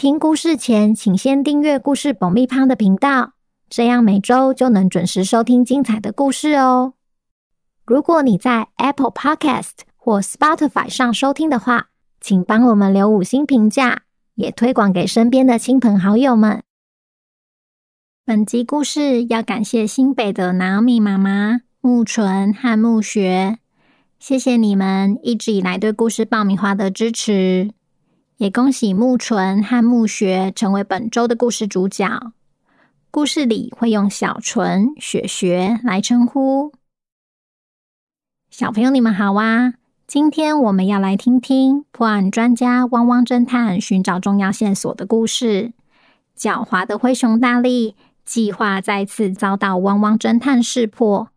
聽故事前，請先訂閱“故事爆米花”的頻道，這樣每周就能準時收聽精彩的故事哦。如果你在 Apple Podcast 或 Spotify 上收聽的話，請幫我們留五星評價，也推廣給身邊的親朋好友們。本集故事要感謝新北的 Naomi 媽媽、木純和木學，謝謝你們一直以來對“故事爆米花”的支持。也恭喜木純和木學成為本周的故事主角。故事裡會用小純、雪雪來稱呼。小朋友你們好啊！今天我們要來聽聽破案專家汪汪偵探尋找重要線索的故事。狡猾的灰熊大力計劃再次遭到汪汪偵探識破，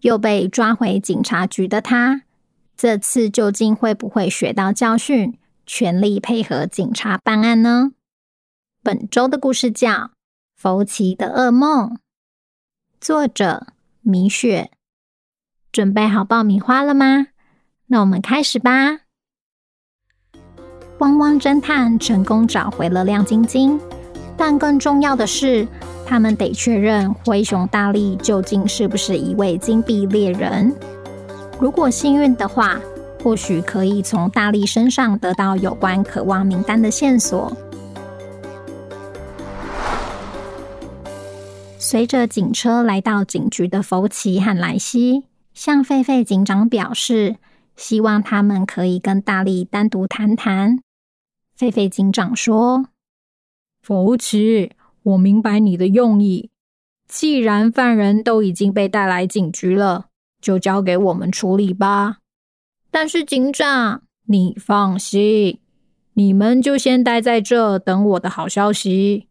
又被抓回警察局的他，這次究竟會不會學到教訓？全力配合警察辦案呢？本周的故事叫《佛奇的噩夢》，作者米雪。準備好爆米花了嗎？那我們開始吧。汪汪偵探成功找回了亮晶晶，但更重要的是，他們得確認灰熊大力究竟是不是一位金幣獵人。如果幸運的話。或許可以從大力身上得到有關渴望名單的線索。隨着警車來到警局的佛奇和萊西，向狒狒警長表示希望他們可以跟大力單獨談談。狒狒警長說：“佛奇，我明白你的用意。既然犯人都已經被帶來警局了，就交給我們處理吧。”但是警長，你放心，你們就先待在這等我的好消息。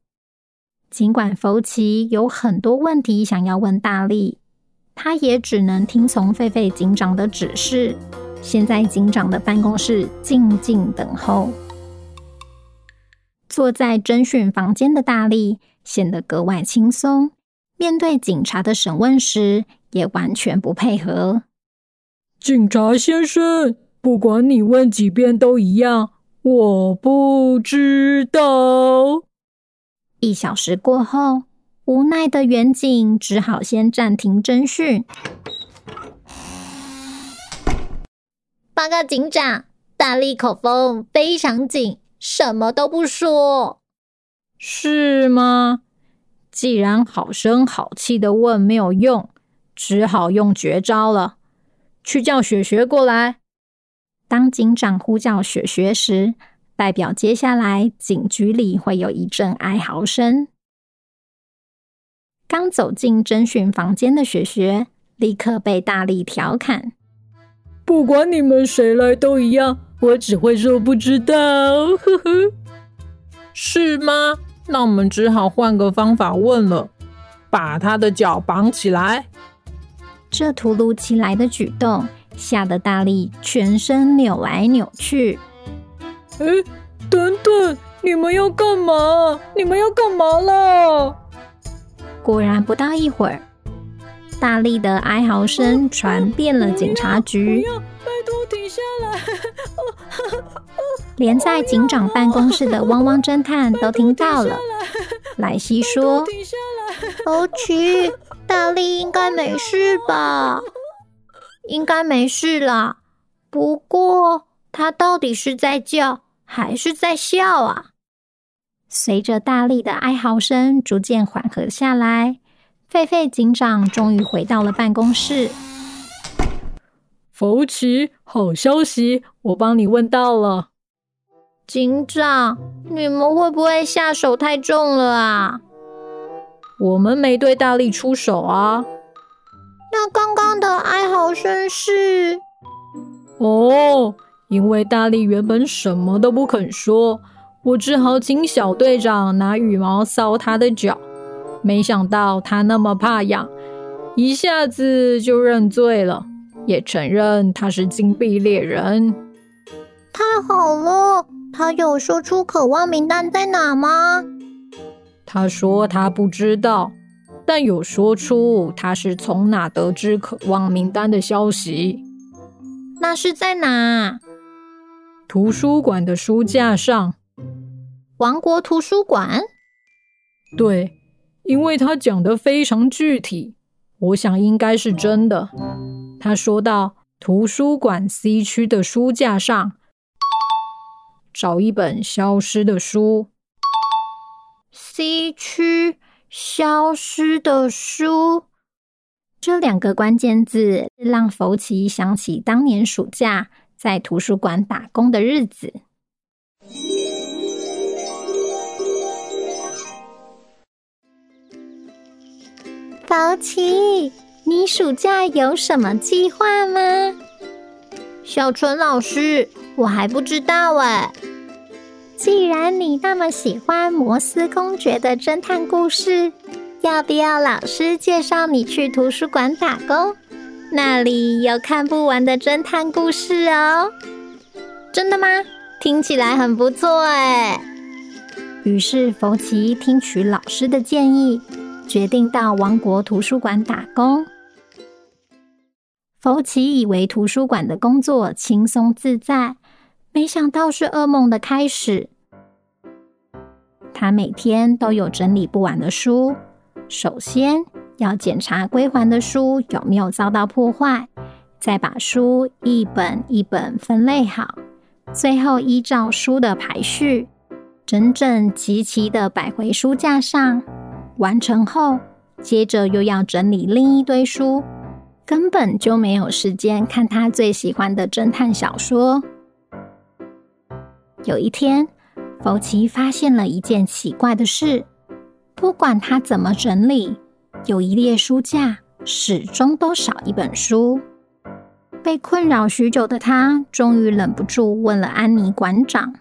儘管佛奇有很多問題想要問大力，他也只能聽從狒狒警長的指示，先在警長的辦公室靜靜等候。坐在偵訊房間的大力顯得格外輕鬆，面對警察的審問時也完全不配合。警察先生，不管你問幾遍都一樣，我不知道。一小時過後，無奈的員警只好先暫停偵訊。報告警長，大力口風非常緊，什麼都不說。是嗎？既然好聲好氣的問沒有用，只好用絕招了。去叫雪雪過來。當警長呼叫雪雪時，代表接下來警局裡會有一陣哀嚎聲。剛走進偵訊房間的雪雪，立刻被大力調侃：“不管你們誰來都一樣，我只會說不知道哦。”呵呵，是嗎？那我們只好換個方法問了。把他的腳綁起來。這突如其來的舉動嚇得大力全身扭來扭去。哎，等等，你們要幹嘛？你們要幹嘛啦？果然，不到一會兒，大力的哀嚎聲傳遍了警察局， 連在警長辦公室的汪汪偵探都聽到了。我停下來萊西說：“哦，去 ！”大力應該沒事吧？應該沒事啦。不過他到底是在叫還是在笑啊？隨着大力的哀嚎聲逐漸緩和下來，狒狒警長終於回到了辦公室。佛奇，好消息，我幫你問到了。警長，你們會不會下手太重了啊？我們沒對大力出手啊，那剛剛的哀嚎聲是？哦，因為大力原本什麼都不肯說，我只好請小隊長拿羽毛搔他的腳，沒想到他那麼怕癢，一下子就認罪了，也承認他是金幣獵人。太好了，他有說出渴望名單在哪嗎？他說他不知道，但有說出他是從哪得知渴望名單的消息。那是在哪？圖書館的書架上。王國圖書館。對，因為他講的非常具體，我想應該是真的。他說道：“圖書館 C 區的書架上，找一本消失的書。” C 區消失的書，這兩個關鍵字讓佛奇想起當年暑假在圖書館打工的日子。佛奇，你暑假有什麼計劃嗎？小純老師，我還不知道哎。既然你那麼喜歡摩斯公爵的偵探故事，要不要老師介紹你去圖書館打工？那裡有看不完的偵探故事哦！真的嗎？聽起來很不錯哎。於是佛奇聽取老師的建議，決定到王國圖書館打工。佛奇以為圖書館的工作輕鬆自在。沒想到是噩夢的開始。他每天都有整理不完的書，首先要檢查歸還的書有沒有遭到破壞，再把書一本一本分類好，最後依照書的排序，整整齊齊的擺回書架上。完成後，接着又要整理另一堆書，根本就沒有時間看他最喜歡的偵探小說。有一天，佛奇發現了一件奇怪的事：不管他怎麼整理，有一列書架始終都少一本書。被困擾許久的他，終於忍不住問了安妮館長：“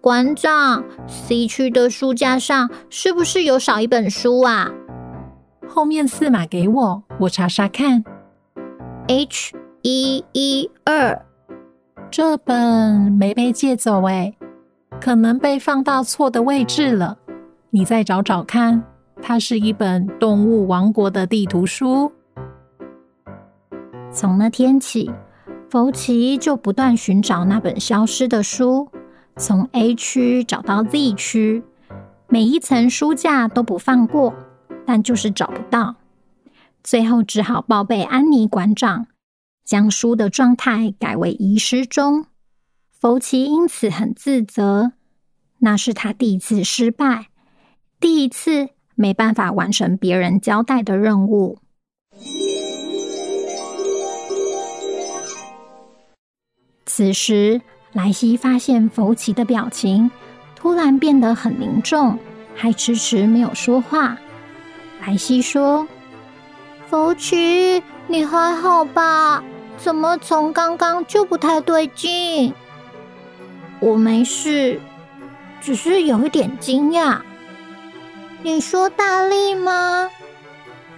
館長，C 區的書架上是不是有少一本書啊？”後面四碼給我，我查查看。H 一一二。E e 這本沒被借走哎，可能被放到錯的位置了。你再找找看，它是一本動物王國的地圖書。從那天起，佛奇就不斷尋找那本消失的書，從 A 區找到 Z 區，每一層書架都不放過，但就是找不到。最後只好報備安妮館長。將書的狀態改為遺失中，佛奇因此很自責。那是他第一次失敗，第一次沒辦法完成別人交代的任務。此時，萊西發現佛奇的表情突然變得很凝重，還遲遲沒有說話。萊西說：“佛奇，你還好吧？”怎麼從剛剛就不太對勁？我沒事，只是有一點驚訝。你說大力嗎？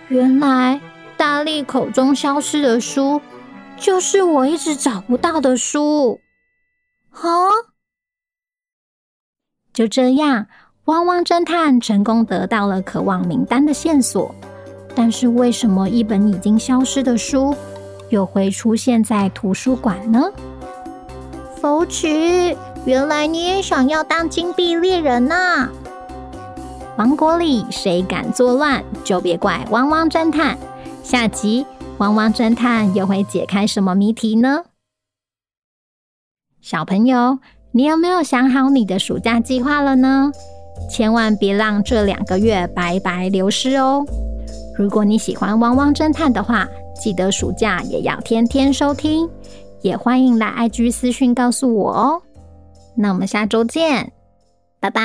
原來大力口中消失的書，就是我一直找不到的書。哈、哦！就這樣，汪汪偵探成功得到了渴望名單的線索。但是，為什麼一本已經消失的書，就會出現在圖書館呢？佛奇，原來你也想要當金幣獵人吶、啊！王國裡誰敢作亂，就別怪汪汪偵探。下集汪汪偵探又會解開什麼謎題呢？小朋友，你有沒有想好你的暑假計劃了呢？千萬別讓這兩個月白白流失哦！如果你喜歡汪汪偵探的話，記得暑假也要天天收聽，也歡迎來 IG 私訊告訴我哦。那我們下周見，拜拜。